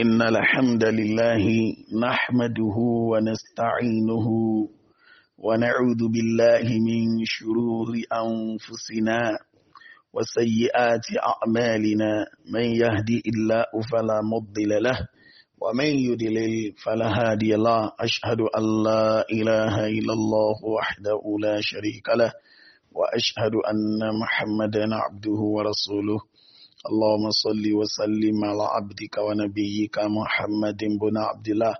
إن الحمد لله نحمده ونستعينه ونعوذ بالله من شرور أنفسنا وسيئات أعمالنا من يهدي الله فلا مضل له ومن يدلل فلا هادي له أشهد أن لا إله إلا الله وحده لا شريك له وأشهد أن محمدا عبده ورسوله اللهم صل وسلم على عبدك ونبيك محمد بن عبد الله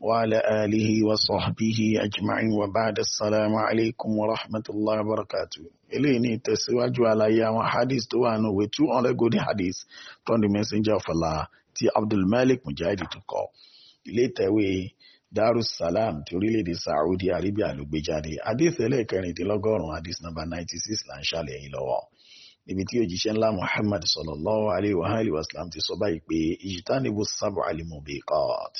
وعلى آله وصحبه أجمعين وبعد السلام عليكم ورحمة الله وبركاته eléyìí ní ìtẹ̀síwájú àlàyé àwọn hadith tó wà nù wé two hundred golden hadith from the messenger of Allah ti Abdulmalik Mujahid tó kọ ilé ìtẹ̀wé Darussalam ti orílẹ̀-èdè Saudi Arabia ló gbé jáde hadith ẹlẹ́ẹ̀kẹrìndínlọ́gọ́rùn-ún hadith number ninety six là ń ṣàlẹ̀ yìí lọ́wọ́. níbi tí òjíṣẹ́ ńlá Muhammad sallallahu alayhi wa alayhi wa sallam ti sọ báyìí pé ìjìtánibù sábà alimubiqat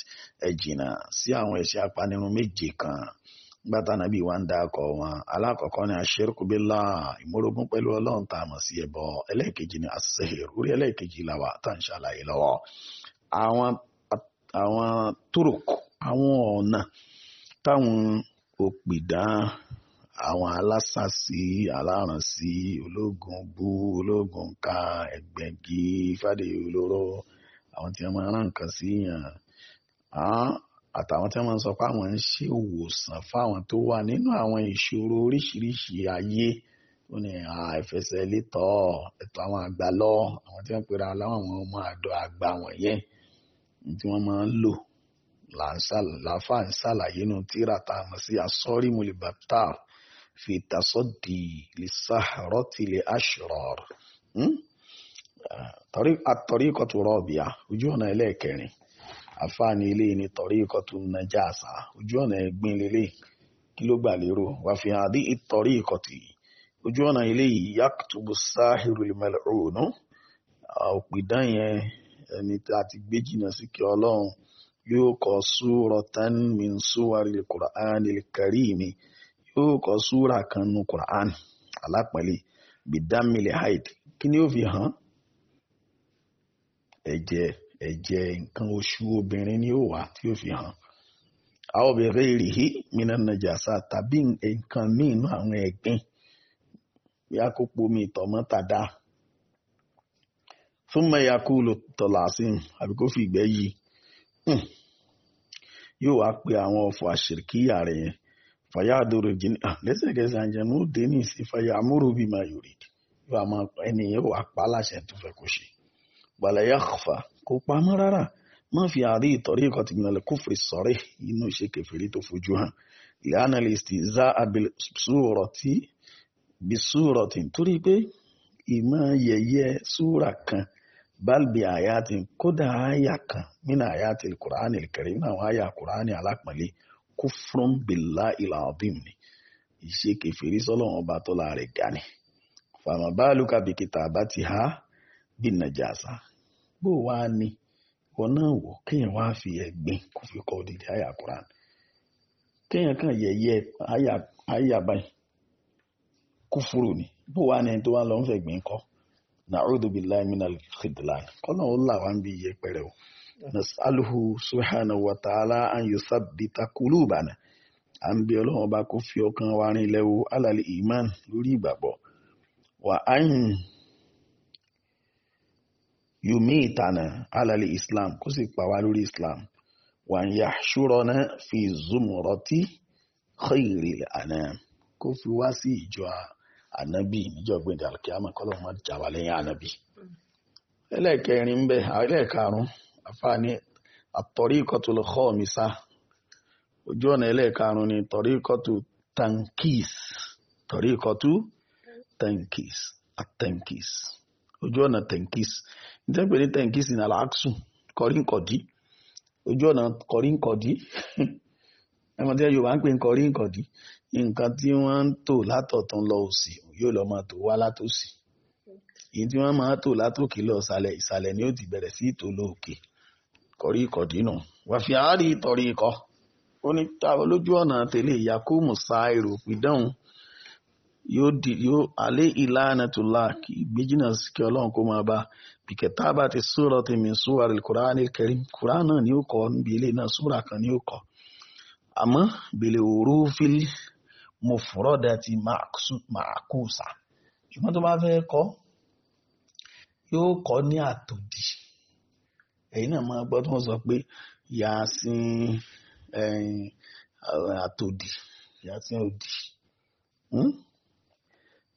ẹ jìnnà sí àwọn ẹ̀ṣẹ̀ apanirun méje kan gbàtà nàbí wa ń da akọ wọn alákọ̀ọ́kọ́ ni aṣirku billah ìmúrogún pẹ̀lú ọlọ́run tá a mọ̀ sí ẹbọ ẹlẹ́ẹ̀kejì ni asehir orí ẹlẹ́ẹ̀kejì làwà tá n ṣàlàyé lọ́wọ́ àwọn àwọn àwọn alásàsí aláransí ológun bú ológun ká ẹgbẹ̀gì fàdéyé olóró àwọn tí wọ́n máa rán nǹkan sí yàn àtàwọn tí wọ́n máa ń sọ pé àwọn ń ṣe òwòsàn fáwọn tó wà nínú àwọn ìṣòro oríṣiríṣi ayé ó ní àìfẹsẹ̀ létọ́ ẹ̀tọ́ àwọn àgbà lọ àwọn tí wọ́n pera láwọn ọmọ àdó àgbà wọ̀nyẹn tí wọ́n máa ń lò láfa ń ṣàlàyé nu tíra tá a mọ̀ sí asọ́rí mulibaptar fi tasaddi lè sàárọ̀ ti lè aṣọ̀rọ̀ àtọ̀rí ìkọ̀tù rọ́ọ̀bìà ojú ọ̀nà ẹlẹ́ẹ̀kẹrin àfáàní ilé ni tọ̀rí ìkọ̀tù nàjàsà ojú ọ̀nà ẹ̀gbìn lélẹ̀ kí ló gbà lérò wà fi hàn dí ìtọ̀rí ìkọ̀tù ojú ọ̀nà ilé yìí yaktubu sáhìrù mẹ́lẹ̀rún òpìdán yẹn ẹni tí a ti gbé jìnnà sí kí ọlọ́run yóò kọ súrọ̀tán min súwárì kùránì kàrímì yóò kọ súrà kan nu Quran alápẹ̀lẹ̀ bidamile haid kí ni ó fi hàn ẹ̀jẹ̀ ẹ̀jẹ̀ nǹkan oṣù obìnrin ni ó wà tí ó fi hàn àwọn obìnrin rìhí minan najasa tàbí nǹkan míì nú àwọn ẹ̀gbin bí akópo mi tọ̀mọ́ tàdá fún mẹ́yàkú ló tọ̀là sí àbí kó fi ìgbẹ́ yìí hmm. yóò wá pe àwọn ọ̀fọ̀ àṣìríkíyà rẹ̀ yẹn fàyà àdúró jìn à ah, lẹ́sẹ̀kẹsẹ̀ àjẹmú dèní sí fàyà àmúrò bí máa yòrì yóò máa ẹni yóò wá pa láṣẹ tó fẹ́ kó ṣe gbàlàyà fà kó pamọ́ rárá má fi àrí ìtọ́rí ìkọ́ ti gbìnà kófìrí sọ̀rẹ́ inú ṣe kẹfìrí tó fojú hàn ìlànà lìsì za abil súrọ̀ tí bí súrọ̀ tí torí pé ìmọ̀ yẹ̀yẹ́ súrà kan balbi àyà kódà àyà kan nínú àyà tí kẹrin náà àwọn àyà kùránì alápọ̀nlé kufrun billahil azim ni ìṣe kèfèrí sọ́lọ́wọ́n ọba tọ́lá rẹ̀ ga ni fàmàbáàlùkà bìkítà bá ti há bí nàjàsà bó wá ní wọn náà wò kéèyàn wá fi ẹ̀gbin kó fi kọ́ òdìdí àyà Qur'an kéèyàn kàn yẹ̀yẹ́ àyà báyìí kúfúrú ni bó wá ní ẹni tó wá lọ ń fẹ̀gbin kọ́ na'udhu billahi minal khidlan kọ́nà ó là wá ń bí iyẹpẹrẹ o nasaluhu subhanahu wa ta'ala an yusabbita kulubana à ń bí ọlọ́run ọba kó fi ọkàn wa rin ilẹ̀ wo alàlẹ́ iman lórí ìgbàgbọ́ wà á yìn yùmí ìtànà alàlẹ́ islam kó sì pa wá lórí islam wà ń yahshurana fi zumurati khairil anam kó fi wá sí ìjọ ànábì níjọ́ gbẹ̀dẹ̀ alkiyama kọ́lọ́run má jà wá lẹ́yìn mm. ń bẹ ẹlẹ́ẹ̀karùn àfààní at-tariqatu al-khamisa ojú ọ̀nà ẹlẹ́ẹ̀karùn ni tariqatu tankis tariqatu tankis at-tankis ojú ọ̀nà tankis nítorí pé ní tankis ní aláàkùsù kọrínkọ̀dí ojú ọ̀nà kọrínkọ̀dí ẹmọ tí Yorùbá ń pè ń kọrínkọ̀dí nǹkan tí wọ́n ń tò látọ̀tún lọ òsì yóò lọ máa tò wá látòsì èyí tí wọ́n máa tò látòkè lọ ìsàlẹ̀ ìsàlẹ̀ ni ó ti bẹ̀rẹ̀ sí ìtòlò òkè kọ̀rí dínú wàfi àárí tọ̀rí ikọ̀ ó ọ̀nà tẹ̀lé musa èrò pìdánù yóò di yóò alẹ́ ìlànà tó la kì í ọlọ́run kó máa bá bìkẹ́tà bá ti sọ̀rọ̀ ti mi rẹ̀ kúránì náà ni ó kọ́ níbi ilé náà kan ni ó kọ́ àmọ́ bèlè òru mo ti ẹ̀yin náà máa gbọ́ tó sọ pé yasin àtòdì yasin òdì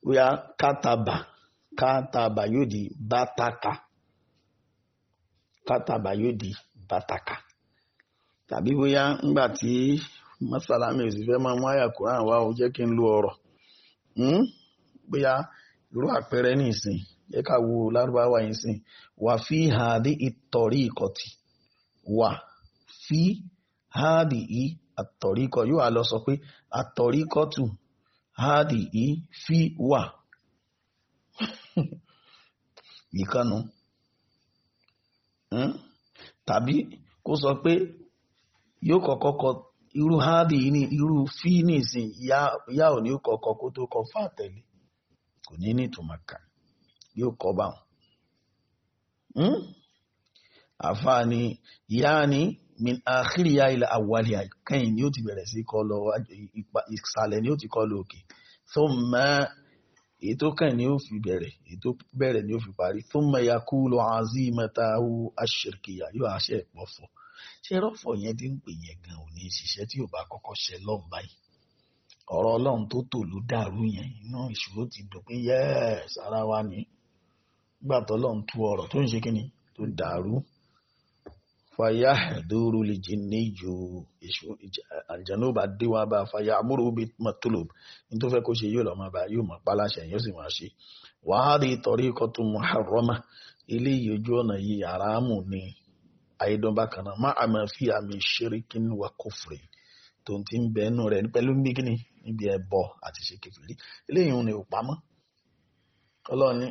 bóyá hmm? kátàbà kátàbà yóò di bàtàkà kátàbà yóò di bàtàkà tàbí bóyá ńgbà tí mọ́sálàmì òsì fẹ́ máa mú àyà kúrán wá o jẹ́ kí n lo ọ̀rọ̀ hmm? bóyá irú àpẹẹrẹ nìsín ekawu wo wa yìí sìn wà fi hàdí itori ikoti wà fi hàdí i àtọ̀rí kọ yóò lọ sọ pé àtọ̀rí kọ́tù hàdí fi wà ìkànnù hmm? tàbí kó sọ pé yóò kọ́kọ́ kọ irú hádì ní irú fí nìsín yá ò ní kọ́kọ́ kó tó kọ tẹ̀lé kò yóò kọ́ bá wọn. Hmm? àfààní yaani min àkìríyá ilẹ̀ àwàlẹ̀ àkẹ́yìn ni ó ti bẹ̀rẹ̀ sí kọ́ lọ ìsàlẹ̀ ni ó ti kọ́ lọ òkè thumma ètò kàn ni ó fi bẹ̀rẹ̀ ètò bẹ̀rẹ̀ ni ó fi parí thumma yakulu azimatahu ash-shirkiyya yóò àṣẹ ìpọ̀fọ̀ ṣé rọ́fọ̀ yẹn ti ń pè yẹn gan ò ní ṣiṣẹ́ tí ò bá kọ́kọ́ ṣe lọ́n báyìí ọ̀rọ̀ ọlọ́run tó tò ló dàrú yẹn iná ìṣòro ti dùn pé yẹ́ẹ̀ sára wa ni gbà tọ́lọ̀ ń tú ọ̀rọ̀ tó ń ṣe kíni tó dàrú fàyà dúró lè jí ní ìjò àjànú bá dé wá bá fàyà amúrò bí mọ̀tòlò ní tó fẹ́ kó ṣe yóò lọ máa bá yóò máa pa yóò sì máa ṣe wàhálì ìtọ́rí ikọ̀ tó mú àrọ́mà ilé ìyójú ọ̀nà yìí àràámù ni àìdán bákan náà má àmà fi àmì ṣerékin wà kófìrè tó ti ń bẹ ẹnu rẹ pẹ̀lú nígbìnrin níbi ẹbọ àti ṣe kẹfìrí eléyìí ni ò pamọ́ ọlọ́ọ̀ni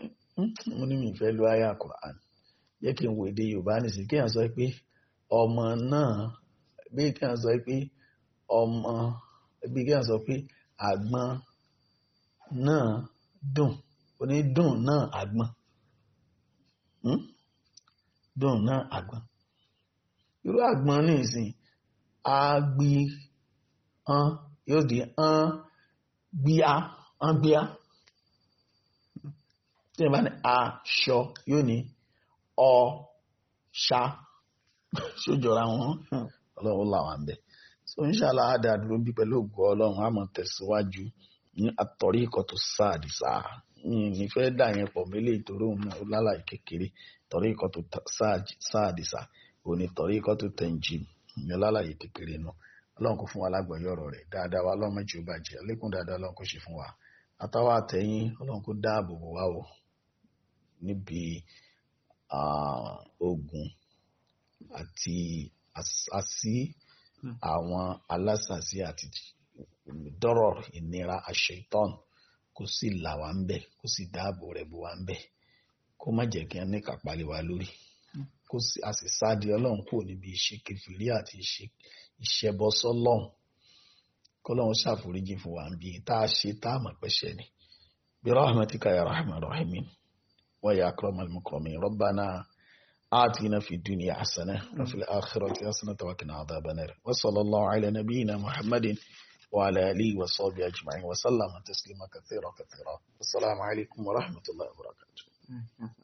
mo ní mi fẹ́ lo aya Quran jẹ́ kí n wo èdè Yorùbá nìsín kéèyàn sọ pé ọmọ náà bí kéèyàn sọ pé ọmọ bí kéèyàn sọ pé àgbọn náà dùn oní dùn náà àgbọn hmm? dùn náà àgbọn irú àgbọn nìsín agbi hàn yóò di hàn gbíà hàn gbíà tí ìbá ní aṣọ yóò ní ọṣà ṣójọra wọn ọlọ́run làwọn àbẹ̀ so inshallah á dáa dúró bí pẹ̀lú ògùn ọlọ́run á mọ̀ tẹ̀síwájú ní àtọ̀rí ikọ̀ tó sáàdì sáà ní fẹ́ dà yẹn pọ̀ mélé ìtòrò náà ó lálàyé kékeré tọ̀rí ikọ̀ tó sáàdì sáà ò ní tọ̀rí ikọ̀ tó tẹ̀njì ìyẹn lálàyé kékeré náà ọlọ́run kò fún wa lágbọ̀ọ́yọ̀ ọ̀rọ̀ rẹ̀ dáadáa wa ọlọ́run mẹ́jọ bàjẹ́ àlékún dáadáa ọlọ́run kò ṣe fún wa àtàwọn àtẹ̀yìn ọlọ́run kò dáàbò bò wá o níbi ogun àti àsásí hmm. àwọn alásàsí àti dọ́rọ̀ ìnira àṣetán kó sì là wá ń bẹ̀ kó sì dáàbò rẹ̀ bò wá ń bẹ̀ kó má jẹ́ kí wọ́n ní kàpálẹ̀ wá lórí hmm. kó sì àṣìṣáàdì ọlọ́run kúrò níbi iṣẹ́ kẹfìrí àti ìṣẹ́bọ sọ́lọ́run kọ́lọ́run ṣàforíjì fún wa bí tá a ṣe tá a mọ̀ pẹ́ṣẹ́ ni bí rahmatika ya rahman rahimin. ويا أكرم المكرمين ربنا آتنا في الدنيا حسنة وفي الآخرة حسنة وقنا عذاب النار وصلى الله على نبينا محمد وعلى آله وصحبه أجمعين وسلم تسليما كثيرا كثيرا السلام عليكم ورحمة الله وبركاته